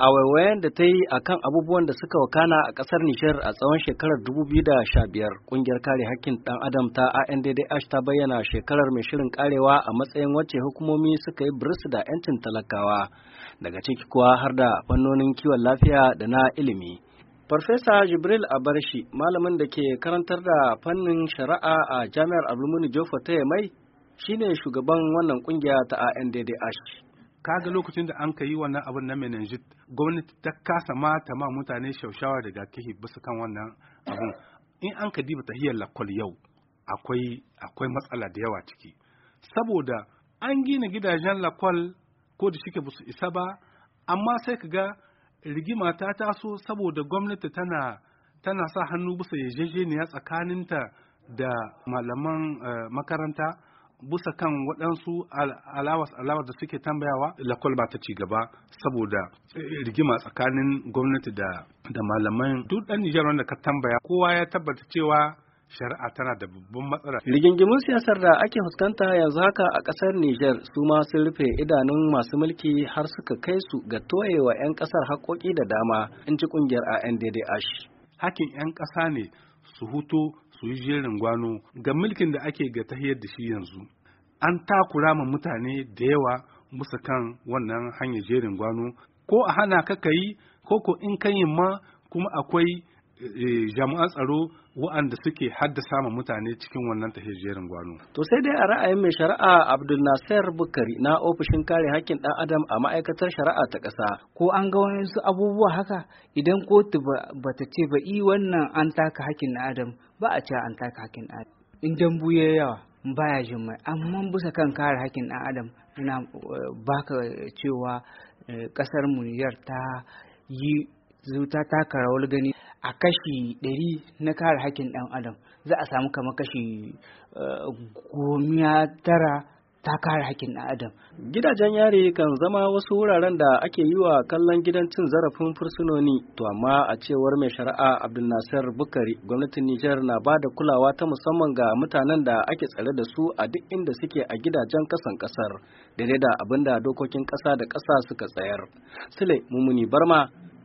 a waiwayen da ta yi a kan abubuwan da suka wakana a ƙasar Nishar a tsawon shekarar 2015 ƙungiyar kare hakkin ɗan adam ta ANDDH ta bayyana shekarar mai shirin karewa a matsayin wacce hukumomi suka yi birsu da 'yancin talakawa daga ciki kuwa har da fannonin kiwon lafiya da na ilimi. Farfesa Jibril Abarshi malamin da ke karantar da fannin shari'a a Jami'ar Abdulmuni Jofa ta Yamai shine shugaban wannan kungiya ta ANDDH. kaga lokacin da an ka yi wannan abin na meningit gwamnati ta kasa ma ta ma mutane shaushawa daga kihi bisa kan wannan abun in an ka diba tahiyar lakwal yau akwai akwai matsala da yawa ciki saboda an gina gidajen lakwal ko da shike ba isa ba amma sai ka ga rigima ta taso saboda gwamnati tana tana sa hannu bisa yarjejeniya tsakaninta da malaman eh, makaranta busa kan waɗansu alawas alawas da suke tambayawa lakwal ba ta ci gaba saboda eh, rigima tsakanin gwamnati da da duk ɗan Nijar wanda ka tambaya kowa ya tabbata cewa shari'a tana da babban matsala. Rigingimun siyasar da ake fuskanta yanzu haka a ƙasar Nijar su ma sun rufe idanun masu mulki har suka kai su ga toyewa 'yan ƙasar haƙoƙi da dama in ci ƙungiyar ash Hakin 'yan ƙasa ne su hutu su yi jerin gwano ga mulkin da ake ga tahiyar da shi yanzu an takura ma mutane da yawa musu kan wannan hanyar jerin gwano ko a hana ka kayi ko ko in kayin ma kuma akwai eh, jami'an tsaro wa'anda suke haddasa ma mutane cikin wannan tahijjerin gwano. To sai dai a ra'ayin mai shari'a Abdul Nasir Bukari na ofishin kare hakkin ɗan adam a ma'aikatar shari'a ta ƙasa. Ko an ga wasu abubuwa haka idan kotu ba ta ce ba i wannan an taka hakkin ɗan adam ba a ce an taka hakkin adam. In dambu ya yawa baya jin mai amma bisa kan kare hakkin ɗan adam ina eh, baka cewa eh, ƙasar mu ta yi zuta ta rawar gani a kashi ɗari na kare hakkin ɗan adam za a samu kama kashi eh, gomiya tara ta kare hakkin ɗan adam. Gidajen yare kan zama wasu wuraren da ake yi wa kallon gidan cin zarafin fursunoni to amma a cewar mai shari'a Abdul Nasir Bukari gwamnatin Nijar na ba da kulawa ta musamman ga mutanen da ake tsare da su a duk inda suke a gidajen kasan ƙasar, daidai da abin da dokokin ƙasa da ƙasa suka tsayar. Sule Barma